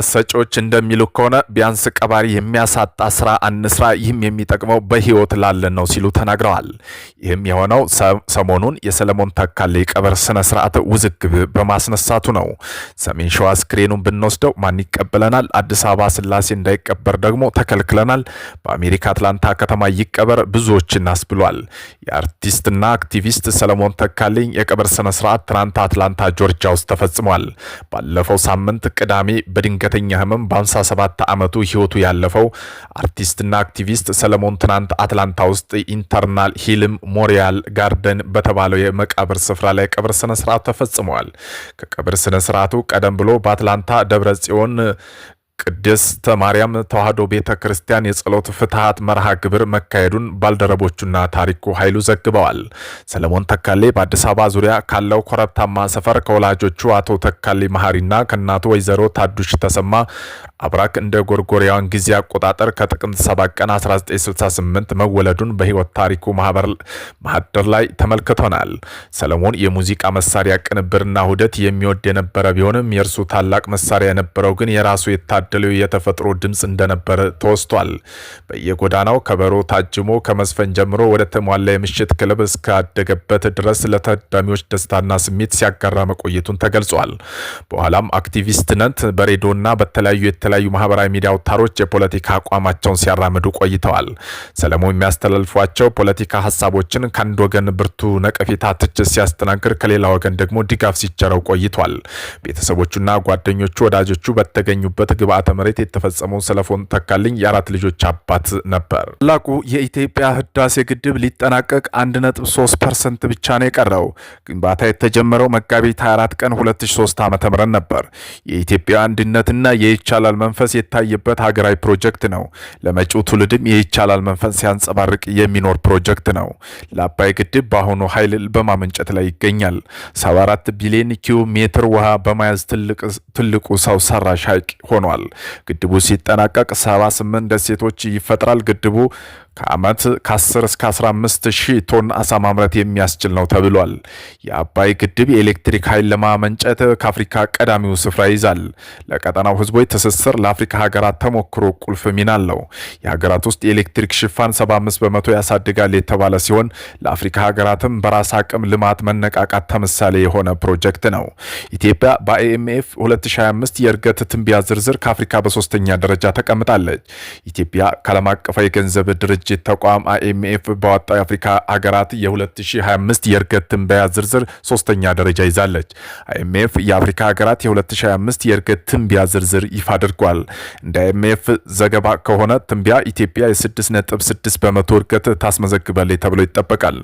አስተያየት ሰጪዎች እንደሚሉ ከሆነ ቢያንስ ቀባሪ የሚያሳጣ ስራ አንስራ፣ ይህም የሚጠቅመው በህይወት ላለን ነው ሲሉ ተናግረዋል። ይህም የሆነው ሰሞኑን የሰለሞን ተካሌ ቀብር ስነ ስርዓት ውዝግብ በማስነሳቱ ነው። ሰሜን ሸዋ አስክሬኑን ብንወስደው ማን ይቀበለናል? አዲስ አበባ ስላሴ እንዳይቀበር ደግሞ ተከልክለናል። በአሜሪካ አትላንታ ከተማ ይቀበር ብዙዎችን አስብሏል። የአርቲስትና አክቲቪስት ሰለሞን ተካሌኝ የቀብር ስነ ስርዓት ትናንት አትላንታ ጆርጂያ ውስጥ ተፈጽሟል። ባለፈው ሳምንት ቅዳሜ በድንገት ድንገተኛ ህመም በ57 ዓመቱ ህይወቱ ያለፈው አርቲስትና አክቲቪስት ሰለሞን ትናንት አትላንታ ውስጥ ኢንተርናል ሂልም ሞሪያል ጋርደን በተባለው የመቃብር ስፍራ ላይ ቀብር ስነስርዓት ተፈጽመዋል። ከቀብር ስነስርዓቱ ስርዓቱ ቀደም ብሎ በአትላንታ ደብረ ጽዮን ቅድስተ ማርያም ተዋሕዶ ቤተ ክርስቲያን የጸሎት ፍትሐት መርሃ ግብር መካሄዱን ባልደረቦቹና ታሪኩ ኃይሉ ዘግበዋል። ሰለሞን ተካሌ በአዲስ አበባ ዙሪያ ካለው ኮረብታማ ሰፈር ከወላጆቹ አቶ ተካሌ መሐሪና ከእናቱ ወይዘሮ ታዱሽ ተሰማ አብራክ እንደ ጎርጎሪያውን ጊዜ አቆጣጠር ከጥቅምት 7 ቀን 1968 መወለዱን በሕይወት ታሪኩ ማህበር ማህደር ላይ ተመልክቶናል። ሰለሞን የሙዚቃ መሳሪያ ቅንብርና ውህደት የሚወድ የነበረ ቢሆንም የእርሱ ታላቅ መሳሪያ የነበረው ግን የራሱ የታ ያደለው የተፈጥሮ ድምፅ እንደነበረ ተወስቷል። በየጎዳናው ከበሮ ታጅሞ ከመዝፈን ጀምሮ ወደ ተሟላ የምሽት ክለብ እስካደገበት ድረስ ለታዳሚዎች ደስታና ስሜት ሲያጋራ መቆየቱን ተገልጿል። በኋላም አክቲቪስት ነት በሬዲዮና በተለያዩ የተለያዩ ማህበራዊ ሚዲያ አውታሮች የፖለቲካ አቋማቸውን ሲያራምዱ ቆይተዋል። ሰለሞን የሚያስተላልፏቸው ፖለቲካ ሀሳቦችን ከአንድ ወገን ብርቱ ነቀፌታ፣ ትችት ሲያስተናግድ ከሌላ ወገን ደግሞ ድጋፍ ሲቸረው ቆይቷል። ቤተሰቦቹና ጓደኞቹ ወዳጆቹ በተገኙበት ግብአ ምልአተ መሬት የተፈጸመውን ሰለፎን ተካልኝ የአራት ልጆች አባት ነበር። ታላቁ የኢትዮጵያ ህዳሴ ግድብ ሊጠናቀቅ 1.3 ፐርሰንት ብቻ ነው የቀረው። ግንባታ የተጀመረው መጋቢት 24 ቀን 2003 ዓ.ም ነበር። የኢትዮጵያ አንድነትና የይቻላል መንፈስ የታየበት ሀገራዊ ፕሮጀክት ነው። ለመጪው ትውልድም የይቻላል መንፈስ ሲያንጸባርቅ የሚኖር ፕሮጀክት ነው። ለአባይ ግድብ በአሁኑ ኃይል በማመንጨት ላይ ይገኛል። 74 ቢሊዮን ኪዩ ሜትር ውሃ በመያዝ ትልቁ ሰው ሰራሽ ሀይቅ ሆኗል። ተናግረዋል። ግድቡ ሲጠናቀቅ 78 ደሴቶች ይፈጥራል። ግድቡ ከዓመት ከ10 እስከ 15 ሺህ ቶን አሳ ማምረት የሚያስችል ነው ተብሏል። የአባይ ግድብ የኤሌክትሪክ ኃይል ለማመንጨት ከአፍሪካ ቀዳሚው ስፍራ ይዛል። ለቀጠናው ህዝቦች ትስስር ለአፍሪካ ሀገራት ተሞክሮ ቁልፍ ሚና አለው። የሀገራት ውስጥ የኤሌክትሪክ ሽፋን 75 በመቶ ያሳድጋል የተባለ ሲሆን ለአፍሪካ ሀገራትም በራስ አቅም ልማት መነቃቃት ተምሳሌ የሆነ ፕሮጀክት ነው። ኢትዮጵያ በአይኤምኤፍ 2025 የእድገት ትንቢያ ዝርዝር ከአፍሪካ በሶስተኛ ደረጃ ተቀምጣለች። ኢትዮጵያ ከዓለም አቀፋዊ የገንዘብ ድርጅት ድርጅት ተቋም አይኤምኤፍ ባወጣው የአፍሪካ ሀገራት የ2025 የእርገት ትንበያ ዝርዝር ሶስተኛ ደረጃ ይዛለች። አይኤምኤፍ የአፍሪካ ሀገራት የ2025 የእርገት ትንበያ ዝርዝር ይፋ አድርጓል። እንደ አይኤምኤፍ ዘገባ ከሆነ ትንበያ ኢትዮጵያ የ6.6 በመቶ እድገት ታስመዘግበል ተብሎ ይጠበቃል።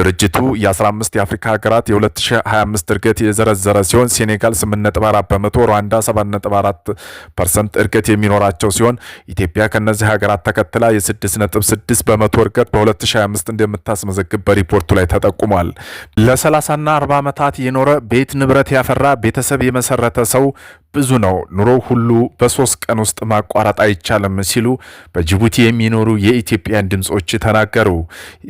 ድርጅቱ የ15 የአፍሪካ ሀገራት የ2025 እድገት የዘረዘረ ሲሆን ሴኔጋል 8.4 በመቶ፣ ሩዋንዳ 7.4 ፐርሰንት እድገት የሚኖራቸው ሲሆን ኢትዮጵያ ከእነዚህ ሀገራት ተከትላ የ6.6 6 በመቶ እርገት በ2025 እንደምታስመዘግብ በሪፖርቱ ላይ ተጠቁሟል። ለ30ና 40 ዓመታት የኖረ ቤት ንብረት ያፈራ ቤተሰብ የመሰረተ ሰው ብዙ ነው። ኑሮ ሁሉ በሶስት ቀን ውስጥ ማቋረጥ አይቻልም ሲሉ በጅቡቲ የሚኖሩ የኢትዮጵያን ድምፆች ተናገሩ።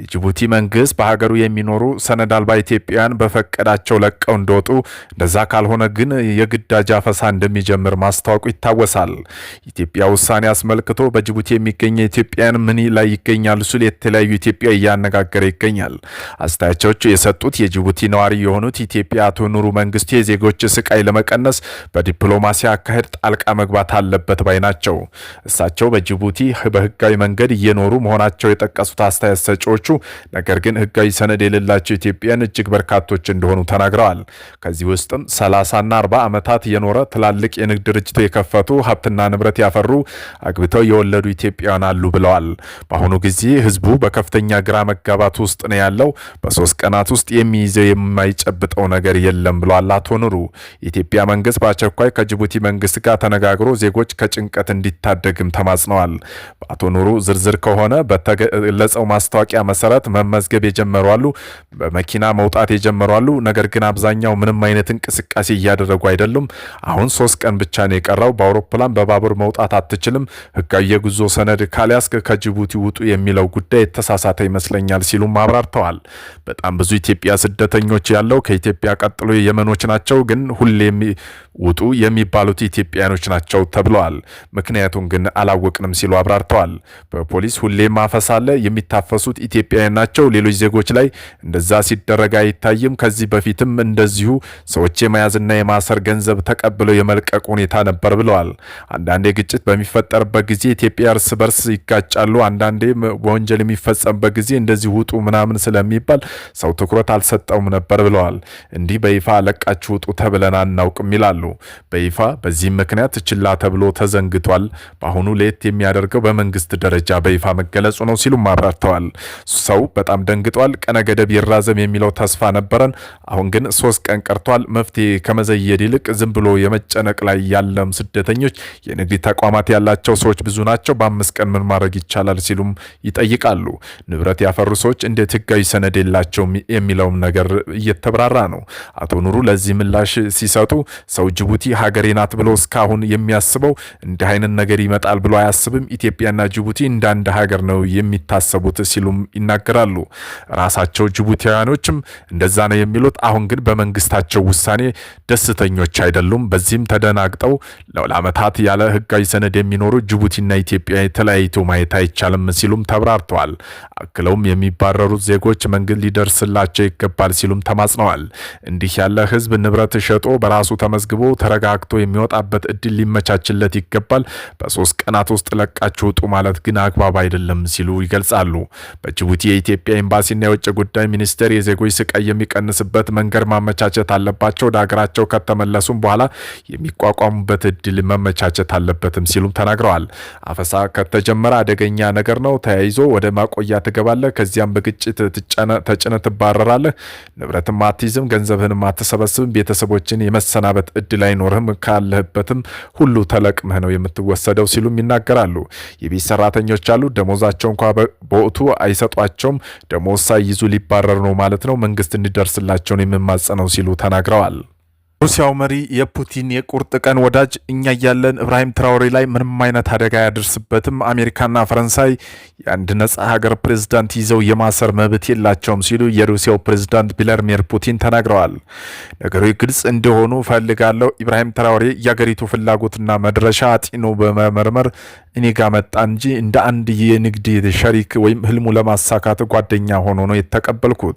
የጅቡቲ መንግስት በሀገሩ የሚኖሩ ሰነድ አልባ ኢትዮጵያን በፈቀዳቸው ለቀው እንደወጡ፣ እንደዛ ካልሆነ ግን የግዳጅ አፈሳ እንደሚጀምር ማስታወቁ ይታወሳል። ኢትዮጵያ ውሳኔ አስመልክቶ በጅቡቲ የሚገኘ ኢትዮጵያን ምን ላይ ይገኛሉ ሲሉ የተለያዩ ኢትዮጵያ እያነጋገረ ይገኛል። አስተያየቶች የሰጡት የጅቡቲ ነዋሪ የሆኑት ኢትዮጵያ አቶ ኑሩ መንግስቱ የዜጎች ስቃይ ለመቀነስ በዲፕሎ ዲፕሎማሲ አካሄድ ጣልቃ መግባት አለበት ባይ ናቸው። እሳቸው በጅቡቲ በህጋዊ መንገድ እየኖሩ መሆናቸው የጠቀሱት አስተያየት ሰጪዎቹ ነገር ግን ህጋዊ ሰነድ የሌላቸው ኢትዮጵያን እጅግ በርካቶች እንደሆኑ ተናግረዋል። ከዚህ ውስጥም ሰላሳና አርባ ዓመታት የኖረ ትላልቅ የንግድ ድርጅት የከፈቱ ሀብትና ንብረት ያፈሩ አግብተው የወለዱ ኢትዮጵያውያን አሉ ብለዋል። በአሁኑ ጊዜ ህዝቡ በከፍተኛ ግራ መጋባት ውስጥ ነው ያለው። በሶስት ቀናት ውስጥ የሚይዘው የማይጨብጠው ነገር የለም ብለዋል አቶ ኑሩ። የኢትዮጵያ መንግስት በአስቸኳይ ከጅቡቲ መንግስት ጋር ተነጋግሮ ዜጎች ከጭንቀት እንዲታደግም ተማጽነዋል። በአቶ ኑሩ ዝርዝር ከሆነ በተገለጸው ማስታወቂያ መሰረት መመዝገብ የጀመሩ አሉ፣ በመኪና መውጣት የጀመሩ አሉ። ነገር ግን አብዛኛው ምንም አይነት እንቅስቃሴ እያደረጉ አይደሉም። አሁን ሶስት ቀን ብቻ ነው የቀረው። በአውሮፕላን በባቡር መውጣት አትችልም። ህጋዊ የጉዞ ሰነድ ካልያስክ ከጅቡቲ ውጡ የሚለው ጉዳይ የተሳሳተ ይመስለኛል ሲሉም አብራርተዋል። በጣም ብዙ ኢትዮጵያ ስደተኞች ያለው ከኢትዮጵያ ቀጥሎ የመኖች ናቸው። ግን ሁሌ ውጡ የሚባሉት ኢትዮጵያኖች ናቸው ተብለዋል። ምክንያቱን ግን አላወቅንም ሲሉ አብራርተዋል። በፖሊስ ሁሌም አፈሳ አለ። የሚታፈሱት ኢትዮጵያውያን ናቸው። ሌሎች ዜጎች ላይ እንደዛ ሲደረግ አይታይም። ከዚህ በፊትም እንደዚሁ ሰዎች የመያዝና የማሰር ገንዘብ ተቀብለው የመልቀቅ ሁኔታ ነበር ብለዋል። አንዳንዴ ግጭት በሚፈጠርበት ጊዜ ኢትዮጵያ እርስ በርስ ይጋጫሉ። አንዳንዴ ወንጀል የሚፈጸምበት ጊዜ እንደዚህ ውጡ ምናምን ስለሚባል ሰው ትኩረት አልሰጠውም ነበር ብለዋል። እንዲህ በይፋ ለቃችሁ ውጡ ተብለን አናውቅም ይላሉ። በይፋ በዚህም ምክንያት ችላ ተብሎ ተዘንግቷል። በአሁኑ ለየት የሚያደርገው በመንግስት ደረጃ በይፋ መገለጹ ነው ሲሉም አብራርተዋል። ሰው በጣም ደንግጧል። ቀነ ገደብ ይራዘም የሚለው ተስፋ ነበረን። አሁን ግን ሶስት ቀን ቀርቷል። መፍትሄ ከመዘየድ ይልቅ ዝም ብሎ የመጨነቅ ላይ ያለም ስደተኞች የንግድ ተቋማት ያላቸው ሰዎች ብዙ ናቸው። በአምስት ቀን ምን ማድረግ ይቻላል ሲሉም ይጠይቃሉ። ንብረት ያፈሩ ሰዎች እንዴት ህጋዊ ሰነድ የላቸውም የሚለውም ነገር እየተብራራ ነው። አቶ ኑሩ ለዚህ ምላሽ ሲሰጡ ሰው ጅቡቲ ሀገሬ ናት ብሎ እስካሁን የሚያስበው እንዲህ አይነት ነገር ይመጣል ብሎ አያስብም። ኢትዮጵያና ጅቡቲ እንደ አንድ ሀገር ነው የሚታሰቡት ሲሉም ይናገራሉ። ራሳቸው ጅቡቲያውያኖችም እንደዛ ነው የሚሉት። አሁን ግን በመንግስታቸው ውሳኔ ደስተኞች አይደሉም። በዚህም ተደናግጠው ለዓመታት ያለ ህጋዊ ሰነድ የሚኖሩ ጅቡቲና ኢትዮጵያ ተለያይቶ ማየት አይቻልም ሲሉም ተብራርተዋል። አክለውም የሚባረሩት ዜጎች መንግስት ሊደርስላቸው ይገባል ሲሉም ተማጽነዋል። እንዲህ ያለ ህዝብ ንብረት ሸጦ በራሱ ተመዝግቦ ተረጋ ተረጋግቶ የሚወጣበት እድል ሊመቻችለት ይገባል። በሶስት ቀናት ውስጥ ለቃችሁ ውጡ ማለት ግን አግባብ አይደለም ሲሉ ይገልጻሉ። በጅቡቲ የኢትዮጵያ ኤምባሲና የውጭ ጉዳይ ሚኒስቴር የዜጎች ስቃይ የሚቀንስበት መንገድ ማመቻቸት አለባቸው። ወደ ሀገራቸው ከተመለሱም በኋላ የሚቋቋሙበት እድል መመቻቸት አለበትም ሲሉም ተናግረዋል። አፈሳ ከተጀመረ አደገኛ ነገር ነው። ተያይዞ ወደ ማቆያ ትገባለህ። ከዚያም በግጭት ተጭነ ትባረራለህ። ንብረትም አትይዝም፣ ገንዘብህንም አትሰበስብም፣ ቤተሰቦችን የመሰናበት እድል አይኖርህም አልተሰማህም፣ ካለህበትም ሁሉ ተለቅመህ ነው የምትወሰደው ሲሉም ይናገራሉ። የቤት ሰራተኞች አሉ፣ ደሞዛቸው እንኳ በወቅቱ አይሰጧቸውም። ደሞዝ ሳይይዙ ሊባረር ነው ማለት ነው። መንግስት እንዲደርስላቸውን የምማጸነው ሲሉ ተናግረዋል። ሩሲያው መሪ የፑቲን የቁርጥ ቀን ወዳጅ እኛ እያለን እብራሂም ትራውሬ ላይ ምንም አይነት አደጋ አያደርስበትም፣ አሜሪካና ፈረንሳይ የአንድ ነጻ ሀገር ፕሬዝዳንት ይዘው የማሰር መብት የላቸውም ሲሉ የሩሲያው ፕሬዝዳንት ቪላድሚር ፑቲን ተናግረዋል። ነገሩ ግልጽ እንደሆኑ ፈልጋለሁ። ኢብራሂም ትራውሬ የአገሪቱ ፍላጎትና መድረሻ አጢኖ በመመርመር እኔ ጋር መጣ እንጂ እንደ አንድ የንግድ ሸሪክ ወይም ህልሙ ለማሳካት ጓደኛ ሆኖ ነው የተቀበልኩት።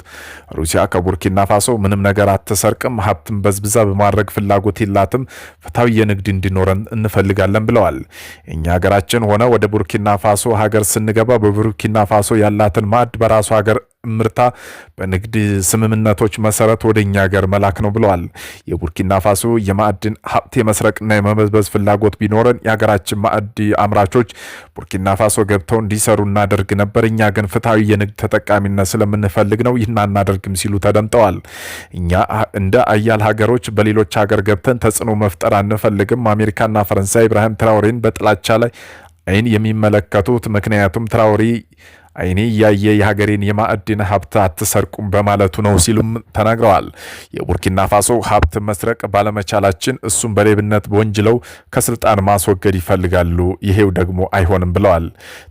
ሩሲያ ከቡርኪና ፋሶ ምንም ነገር አትሰርቅም፣ ሀብትን በዝብዛ በማድረግ ፍላጎት የላትም። ፍትሐዊ የንግድ እንዲኖረን እንፈልጋለን ብለዋል። እኛ ሀገራችን ሆነ ወደ ቡርኪና ፋሶ ሀገር ስንገባ በቡርኪና ፋሶ ያላትን ማዕድ በራሱ ሀገር ምርታ በንግድ ስምምነቶች መሰረት ወደ እኛ ሀገር መላክ ነው ብለዋል። የቡርኪና ፋሶ የማዕድን ሀብት የመስረቅና የመበዝበዝ ፍላጎት ቢኖረን የሀገራችን ማዕድ አምራቾች ቡርኪና ፋሶ ገብተው እንዲሰሩ እናደርግ ነበር። እኛ ግን ፍትሐዊ የንግድ ተጠቃሚነት ስለምንፈልግ ነው ይህን አናደርግም ሲሉ ተደምጠዋል። እኛ እንደ አያል ሀገሮች በሌሎች ሀገር ገብተን ተጽዕኖ መፍጠር አንፈልግም። አሜሪካና ፈረንሳይ ኢብራሂም ትራውሬን በጥላቻ ላይ አይን የሚመለከቱት ምክንያቱም ትራውሬ አይኔ እያየ የሀገሬን የማዕድን ሀብት አትሰርቁም በማለቱ ነው ሲሉም ተናግረዋል። የቡርኪና ፋሶ ሀብት መስረቅ ባለመቻላችን እሱም በሌብነት ወንጅለው ከስልጣን ማስወገድ ይፈልጋሉ። ይሄው ደግሞ አይሆንም ብለዋል።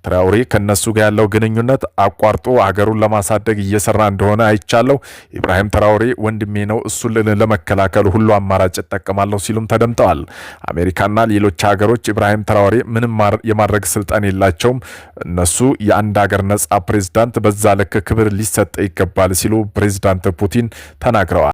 ትራውሬ ከነሱ ጋር ያለው ግንኙነት አቋርጦ ሀገሩን ለማሳደግ እየሰራ እንደሆነ አይቻለሁ። ኢብራሂም ትራውሬ ወንድሜ ነው። እሱን ለመከላከል ሁሉ አማራጭ እጠቀማለሁ ሲሉም ተደምጠዋል። አሜሪካና ሌሎች ሀገሮች ኢብራሂም ትራውሬ ምንም የማድረግ ስልጣን የላቸውም። እነሱ የአንድ ሀገር ነጻ ፕሬዝዳንት በዛ ልክ ክብር ሊሰጥ ይገባል ሲሉ ፕሬዝዳንት ፑቲን ተናግረዋል።